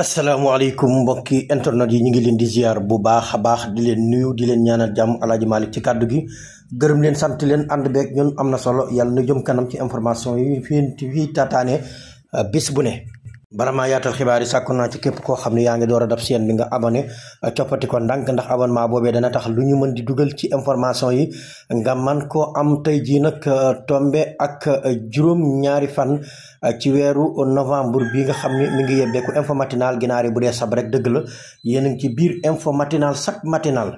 asalaamaaleykum mbokki internet yi ñu ngi leen di ziar bu baax a baax di leen nuyu di leen ñaanal jàmm alaaji Malick ci kàddu gi gërëm leen sant leen ànd beeg ñun am na solo yàlla na jëm kanam ci information yi fii fii taataane uh, bis bu ne bala maa yaatal xibaar yi sàkku naa ci képp koo xam ne yaa ngi door a dab seen bi nga abonné coppati ko ndànk ndax abonnement boobee dana tax lu ñu mën di dugal ci information yi nga man koo am tey jii nag euh, tombe ak euh, juróom ñaari fan euh, ci weeru novembre bi nga xam ne mi ngi yebbeeku info matinal ginaar yi bu dee sab rek dëgg la yéen a ngi ci biir info matinal matinal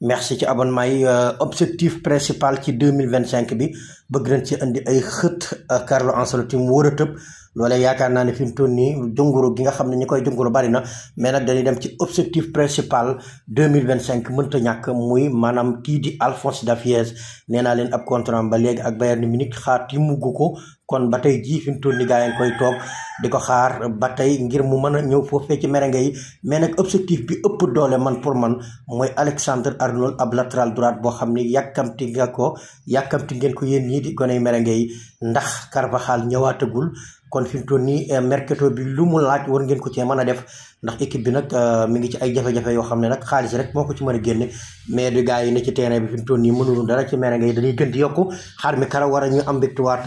merci ci abonnement yi objectif principal ci deux mille vingt cinq bi bëgg nañ ci indi ay xët Carlo Ancelotti mu wër a tëb loolee yaakaar naa ne fi mu toll nii junguru gi nga xam ne ñi koy junguru bari na mais nag dem ci objectif principal 2025 mënta ñàkk muy maanaam kii di Alphonse Davies nee naa leen ab contrant ba léegi ak Bayern Munich xaar yi gu ko kon ba tey jii fi mu toll nii gaa ngi koy toog di ko xaar ba tey ngir mu mën a ñëw foofee ci merengue yi mais nag objectif bi ëpp doole man pour man mooy Alexandre Arnold ab latéral droite boo xam ni yàkkamti nga ko yàkkamti ngeen ko yéen ñii di goney merengue yi ndax Carvajal ñëwaatagul kon fi mu toll nii euh, mercato bi lu mu laaj war ngeen ko cee mën a def ndax équipe bi nag euh, mi ngi ay jafe-jafe yoo xam ne nag xaalis rek moo ko ci mën a génne mais du gars yi ne ci terrain bi fi mu toll nii mënul dara ci merengue yi dañuy gën di yokku xaar mi kara war a ñu am victoire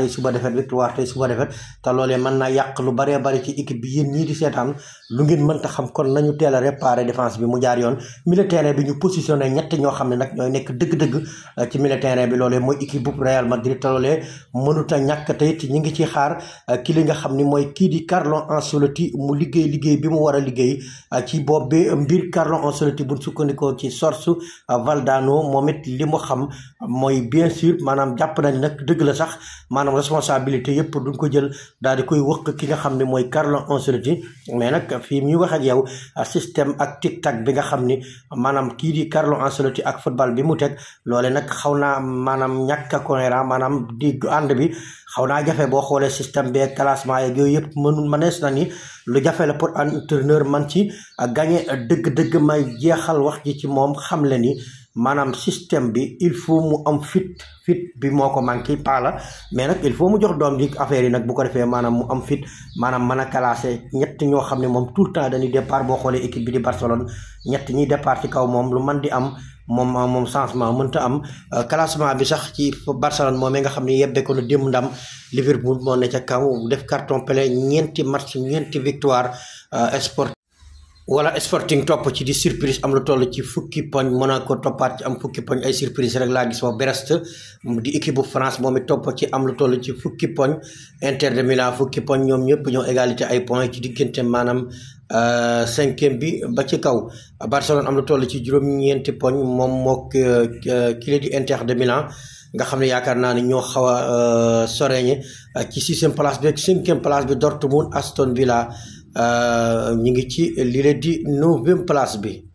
kon nañu teel a réparé bi mu jaar yoon milieu terrain bi ñu positionné ñett ñoo xam ne nag ñooy nekk dëgg-dëgg euh, ci milieu terrain bi loolee mooy équipe bu Real Madrid te loolee mënuta ñàkk tey ñi ngi xaar ki xam ni mooy kii di Carlo Ancelotti mu liggéey liggéey bi mu war a liggéey ah, ci bopp bi mbir Carlo Ancelotti bu sukkandikoo ci source ah, Valdano moom it li mu xam mooy bi sûr maanaam jàpp nañ nag dëgg sax maanaam responsabilité yëpp duñ ko jël daal di koy wëq ki nga xam ni mooy Carlo Ancelotti mais nag fii ñu wax ak yow ah, système ak tic-tac bi nga xam ni maanaam kii di Carlo Ancelotti ak football bi mu teg loole nag xaw naa maanaam ñàkk a cohérent maanaam di ànd bi xaw naa jafe boo xoolee système bi classement yeeg yooyu mënul mënu mënees na ni lu jafe la pour un man ci gagné dëgg-dëgg may jeexal wax ji ci moom xam le ni maanaam système bi il faut mu am fit fit bi moo ko manqué pas la mais nag il faut mu jox doom ji affaire yi nag bu ko defee maanaam mu am fit maanaam mana a classé ñett ñoo xam ne moom tout le temps dañuy départ boo xoolee équipe bi di Barcelone ñett ñiy départ ci kaw moom lu man di am moom moom changement mënta am euh, classement bi sax ci Barcelone moom nga xam ne yebbe ko na démb ndam Liverpool moo ne ca kaw def carton plein ñeenti match ñeenti victoire euh, sport wala Sporting topp ci di surprise am lu toll ci fukki poñ Monaco toppaat ci am fukki poñ ay surprise rek laa gis ma Brest di équipe bu France moom it topp ci am lu toll ci fukki poñ Inter de Milan fukki poñ ñoom ñëpp ñoo égalité ay points ci diggante maanaam euh, cinquième bi ba ci kaw Barcelone am lu toll ci juróom-ñeenti poñ moom mook kii euh, di Inter de Milan nga xam ne yaakaar naa ne ñoo xaw a euh, soreñe ci sixième place bi ak cinquième place bi Dortmund Aston Villa Euh, ñu ngi ci li leen di neuvième place bi